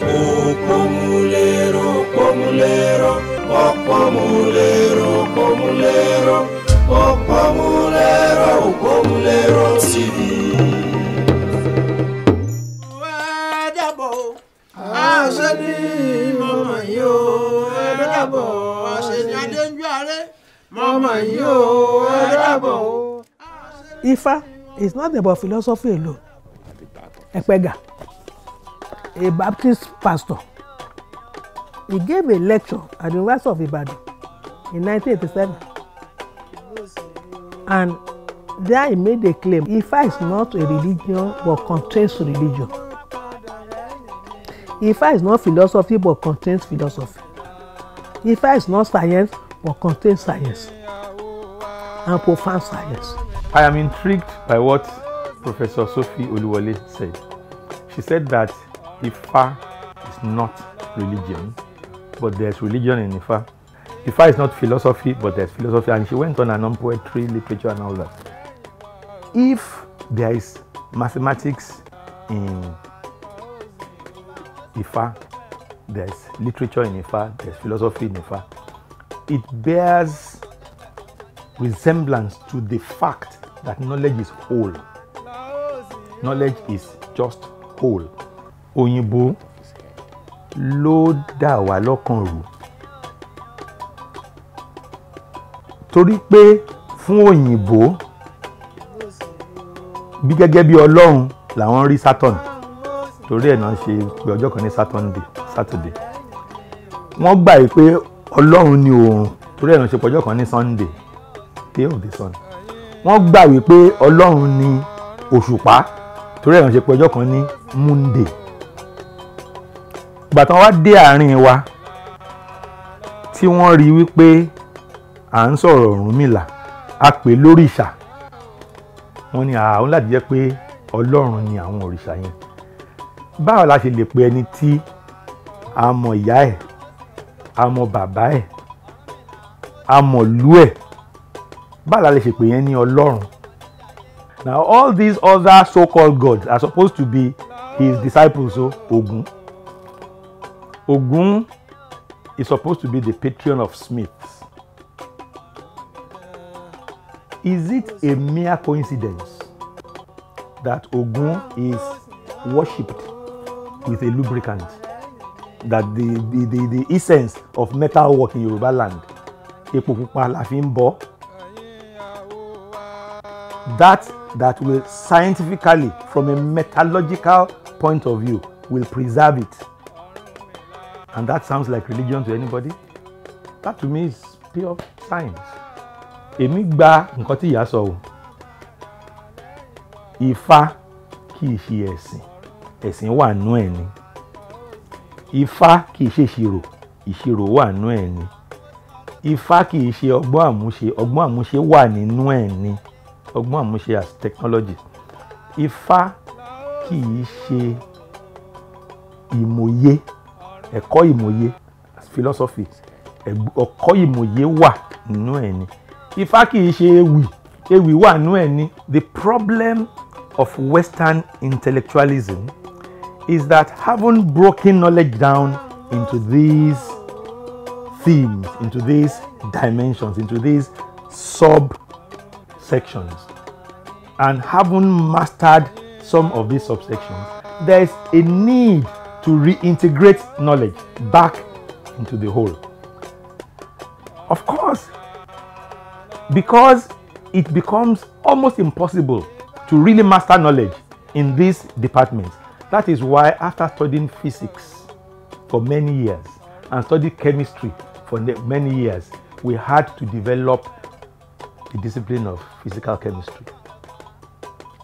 O pomulero, pomulero, o pomulero, pomulero, o pomulero, o pomulero ti di. Ẹ dàbọ̀, a ah. ṣe ní mọ̀mọ́ yìí o. Ẹ dàbọ̀, ṣèjì Adéjú mọ̀mọ́ yìí o. Ẹ dàbọ̀. Ifá is not about philosophy alone. Ẹ̀pẹ̀gà a Baptist pastor. He gave a lecture at the University of Ibadan in 1987. And there he made a claim, Ifa is not a religion but contains religion. Ifa is not philosophy but contains philosophy. Ifa is not science but contains science and profound science. I am intrigued by what Professor Sophie Oluwole said. She said that Ifa is not religion, but there's religion in Ifa. Ifa is not philosophy, but there's philosophy. And she went on and on poetry, literature, and all that. If there is mathematics in Ifa, there's literature in Ifa, there's philosophy in Ifa, it bears resemblance to the fact that knowledge is whole. Knowledge is just whole. òyìnbó ló dà wá lọ́kàn rú torí pé fún òyìnbó bí gẹ́gẹ́ bí ọlọ́run làwọn rí Saturn torí ẹ̀ náà ṣe pé ọjọ́ kan ní Saturday Saturday wọ́n gbà yìí pé ọlọ́run ni òòrùn torí ẹ̀ náà ṣe pé ọjọ́ kan ní Sunday day of the sun wọ́n gbà wípé ọlọ́run ni òṣùpá torí ẹ̀ náà ṣe pé ọjọ́ kan ní Monday ìgbà tí wọ́n wá dé àárín wa tí wọ́n rí wípé à ń sọ̀rọ̀ Ọ̀rúnmìlà a pè lórìṣà wọ́n ní àwọn láti jẹ́ pé ọlọ́run ni àwọn òrìṣà yẹn báwo la ṣe lè pe ẹni tí a mọ̀ ìyá ẹ̀ a mọ̀ bàbá ẹ̀ a mọ̀ ìlú ẹ̀ báwo la lè ṣe pè yẹn ní ọlọ́run now all these other so-called gods are supposed to be his disciples o Ògún. So, Ogun is supposed to be the patron of smiths. Is it a mere coincidence that Ogun is worshipped with a lubricant? That the, the, the, the essence of metal work in Yoruba land, epo pupa la That that will scientifically, from a metallurgical point of view, will preserve it. And that sounds like religion to anybody. That to me is pure science. Èmi gba nǹkan tí ìyá sọ o. Ifá kì í ṣe ẹ̀sìn. Ẹ̀sìn wà nú ẹ̀ ni. Ifá kì í ṣe ìṣirò. Ìṣirò wà nú ẹ̀ ni. Ifá kì í ṣe ọgbọ́n àmúṣe. Ọgbọ́n àmúṣe wà nínú ẹ̀ ni. Ọgbọ́n àmúṣe as technology. Ifá kì í ṣe ìmòye. ẹ̀kọ́ ìmọ̀ye philosophy ẹ̀kọ́ ìmọ̀ye wà nínú ẹ̀ ni ifá kì í ṣe ewì ewì wà nínú ẹ̀ ni the problem of Western intellectualism is that having broken knowledge down into these themes into these dimensions into these sub-sections and having mastered some of these sub sections. there is a need to reintegrate knowledge back into the whole. Of course, because it becomes almost impossible to really master knowledge in these departments. That is why after studying physics for many years and studied chemistry for many years, we had to develop the discipline of physical chemistry.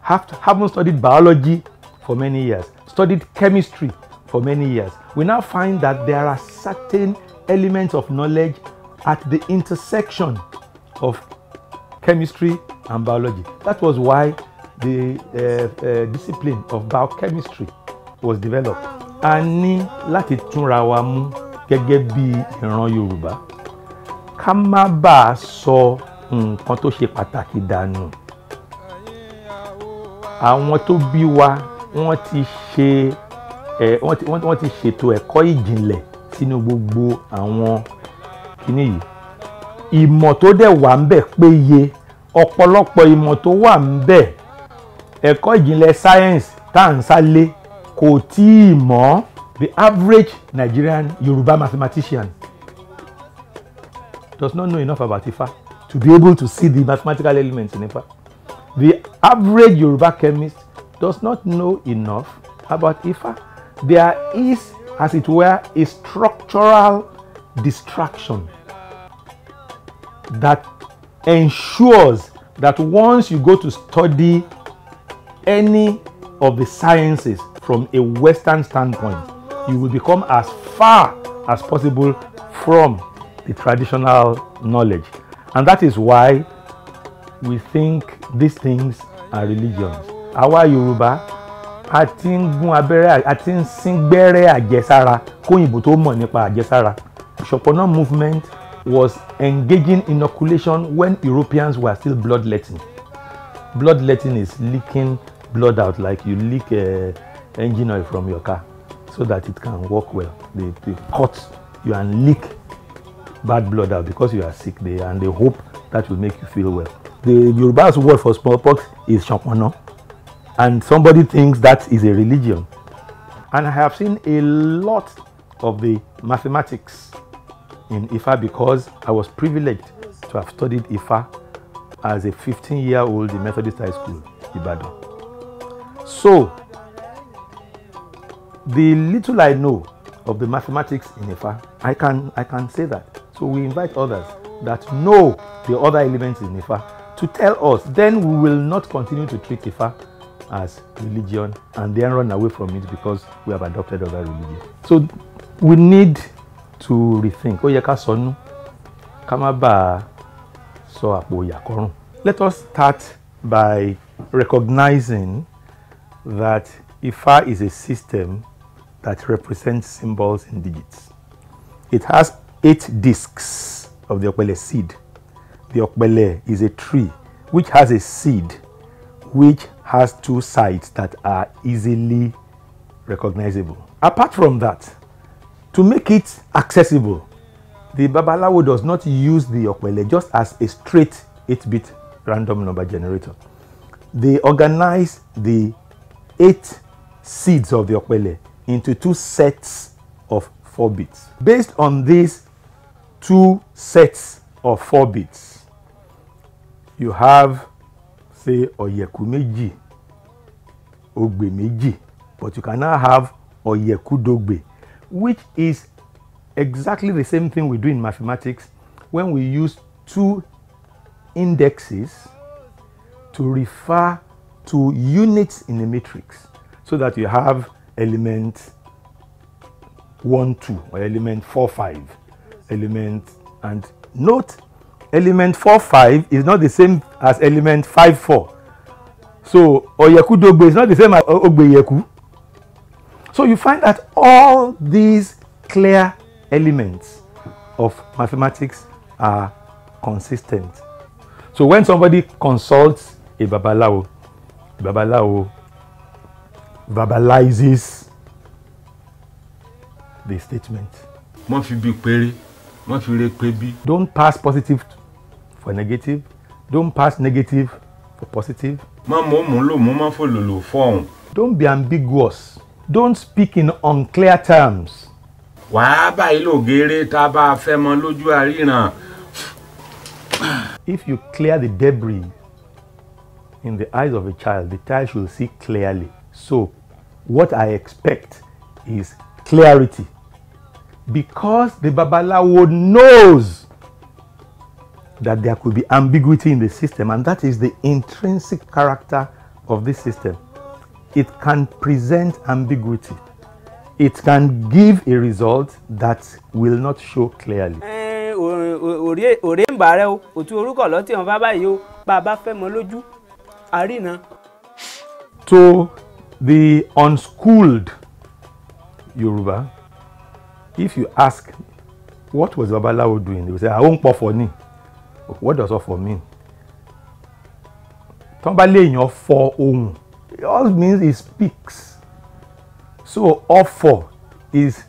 Have, haven't studied biology for many years, studied chemistry for many years, we now find that there are certain elements of knowledge at the intersection of chemistry and biology. That was why the uh, uh, discipline of biochemistry was developed. A ní láti túnra wa mú gẹ́gẹ́ bí ìran Yorùbá ká má bàa sọ nǹkan tó ṣe pàtàkì dànù. Àwọn tó bí wa wọ́n ti ṣe wọ́n ti ṣètò ẹ̀kọ́ ìjìnlẹ̀ sínú gbogbo àwọn kìíní yìí ìmọ̀ tó dẹ̀ wà ń bẹ péye ọ̀pọ̀lọpọ̀ ìmọ̀ tó wà ń bẹ ẹ̀kọ́ ìjìnlẹ̀ science tá à ń sálé kò tí ì mọ̀ the average Nigerian Yoruba mathematician does not know enough about Ifa to be able to see the mathematical elements in Ifa the average Yoruba chemist does not know enough about Ifa. there is, as it were, a structural distraction that ensures that once you go to study any of the sciences from a Western standpoint, you will become as far as possible from the traditional knowledge. And that is why we think these things are religions. Our Yoruba a ti abẹ́rẹ́ a ti sín gbẹ́rẹ́ àjẹsára kóyìnbó tó mọ̀ nípa àjẹsára Ṣọ̀pọ̀nná movement was engaging inoculation when Europeans were still bloodletting bloodletting is leaking blood out like you leak eh, engine oil from your car so that it can work well they they cut you and leak bad blood out because you are sick they and they hope that will make you feel well the Yoruba's word for smallpox is ṣọ̀pọ̀nná and somebody thinks that is a religion. And I have seen a lot of the mathematics in IFA because I was privileged to have studied IFA as a 15 year old in Methodist High School, Ibadan. So, the little I know of the mathematics in IFA, I can, I can say that. So, we invite others that know the other elements in IFA to tell us, then we will not continue to treat IFA as religion and then run away from it because we have adopted other religion. So we need to rethink. Oya kasonu, kamaba sọ Let us start by recognizing that Ifa is a system that represents symbols and digits. It has eight discs of the Okpele seed. The Okpele is a tree which has a seed which has two sides that are easily recognizable. Apart from that, to make it accessible, the Babalawo does not use the Okwele just as a straight 8-bit random number generator. They organize the eight seeds of the Okwele into two sets of 4 bits. Based on these two sets of 4 bits, you have, say, Oyekumeji ogbe meji but you can now have oyekudogbe which is exactly the same thing we do in mathematics when we use two indexes to refer to units in a matrix so that you have element 1 2 or element 4 5 element and note element 4 5 is not the same as element 5 4 so Oyeku Dogbe is not the same as Ogbeyeku. So you find that all these clear elements of mathematics are consistent. So when somebody consults a babalawo, Babalao babalawo verbalizes the statement. bí. Don't pass positive for negative, don't pass negative for positive. má mú mú lò mú má fò lòlò fọ́ọ̀hún. don't be ambiguous don't speak in unclear terms. wàá báyìí lò géré tá a bá a fẹ́ mọ lójú àríran. if you clear the debris in the eyes of a child the child should see clearly so what i expect is clarity because the babalawo knows that there could be ambiguity in the system, and that is the intrinsic character of this system. It can present ambiguity. It can give a result that will not show clearly. So, eh, the unschooled Yoruba, if you ask what was Babalawo doing, they will say, "I "Àwọn pọ̀fọ̀ ni." what does "offer" mean Tumbale in bá léèyàn it all means he speaks so offer is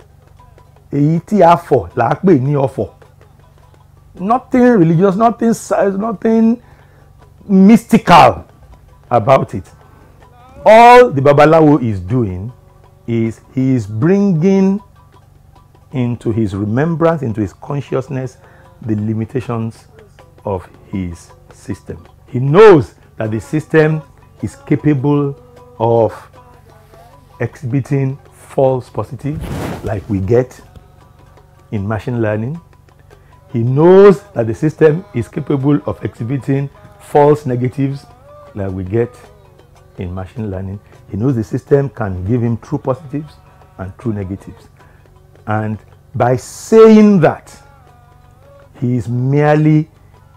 a tí a Like me á pè ní nothing religious nothing nothing mystical about it all the babalawo is doing is he is bringing into his remembrance into his consciousness the limitations of his system. He knows that the system is capable of exhibiting false positive like we get in machine learning. He knows that the system is capable of exhibiting false negatives like we get in machine learning. He knows the system can give him true positives and true negatives. And by saying that, he is merely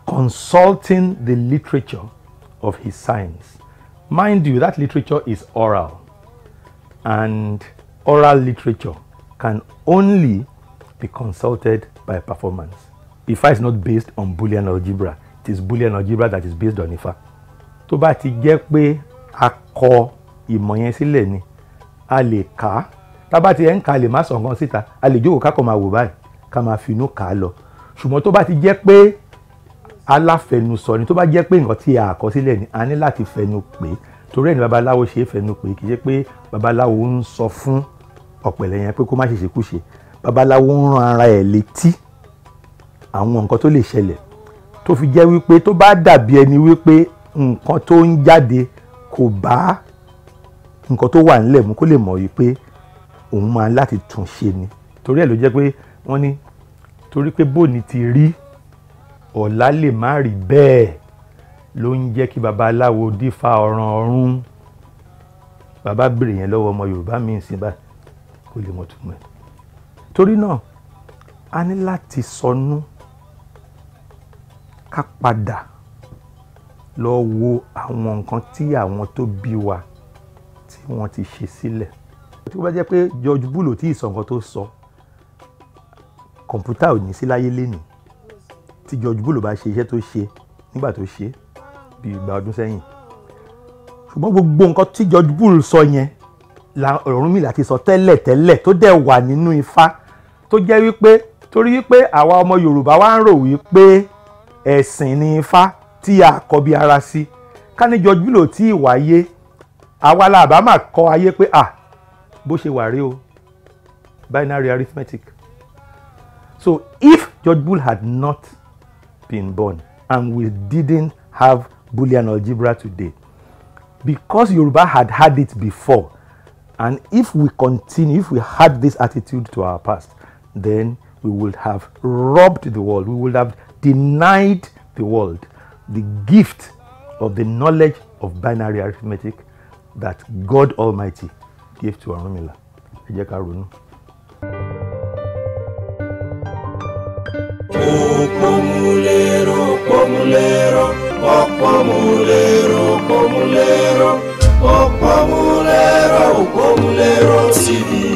consulting the literature of his science. Mind you, that literature is oral, and oral literature can only be consulted by performance. Ifá is not based on Boolean algebra, it is Boolean algebra that is based on Ifá. Tó bá ti jẹ́ pé a kọ sílẹ̀ ni, a lè kà á. Tá bá ti ẹ̀ ń kà á lè má sọ̀kan síta, lè jókòó ká kọ̀ máa wò báyìí, ká máa finú kà á lọ. Ṣùgbọ́n tó bá ti en ka le ma sokan sita a le jokoo ka ko wo ka finu ka lo sugbon to ba ti je pe aláfẹnusọ ni tó bá jẹ́ pé nǹkan tí a kọ sílẹ̀ ni a ní láti fẹnu pé torí ẹni babaláwo ṣe é fẹnu pé kì í ṣe pé babaláwo ń sọ fún ọ̀pẹ̀lẹ̀ yẹn pé kó má ṣe ṣekúṣe babaláwo ń ran ara ẹ̀ létí àwọn nǹkan tó lè ṣẹlẹ̀ tó fi jẹ́ wípé tó bá dàbí ẹni wípé nǹkan tó ń jáde kò bá nǹkan tó wà nílẹ̀ mú kó lè mọ̀ wípé òun máa láti tún ṣe ni torí ẹ̀ ló jẹ́ pé wọ́n ní torí pé bóòní ti rí ọ̀la lè má rí bẹ́ẹ̀ ló ń jẹ́ kí babaláwo dífá ọ̀ràn ọ̀run bàbá bèrè yẹn lọ́wọ́ ọmọ yorùbá mi ìsìn bá kó lè mọ̀ túmọ̀ ẹ̀ torí náà a ní láti sọnù ká padà lọ wo àwọn nǹkan tí àwọn tó bí wa tí wọ́n ti ṣe sílẹ̀ tí ó bá jẹ́ pé George Bull ò tí ì sọ nǹkan tó sọ kọ̀ǹpútà ò ní sí láyé lénìí tí George Bull bá ṣe iṣẹ́ tó ṣe nígbà tó ṣe bí ìgbà ọdún sẹ́yìn ṣùgbọ́n gbogbo nǹkan tí George Bull sọ yẹn Ọ̀rúnmìlà ti sọ tẹ́lẹ̀ tẹ́lẹ̀ tó dẹ̀ wà nínú Ifá tó jẹ́ wípé torí wípé àwa ọmọ Yorùbá wa ń rò wípé ẹ̀sìn ni Ifá tí a kọbi ara sí ká ní George Bull tí ì wáyé àwa la máa kọ́ ayé pé à bó ṣe wà rí o binary arithmetic so if George Bull had not been born and we didn't have Boolean algebra today. Because Yoruba had had it before, and if we continue, if we had this attitude to our past, then we would have robbed the world, we would have denied the world the gift of the knowledge of binary arithmetic that God Almighty gave to our Ẹ jẹ́ mulero, opa mulero, opa mulero, opa mulero, opa mulero, opa mulero,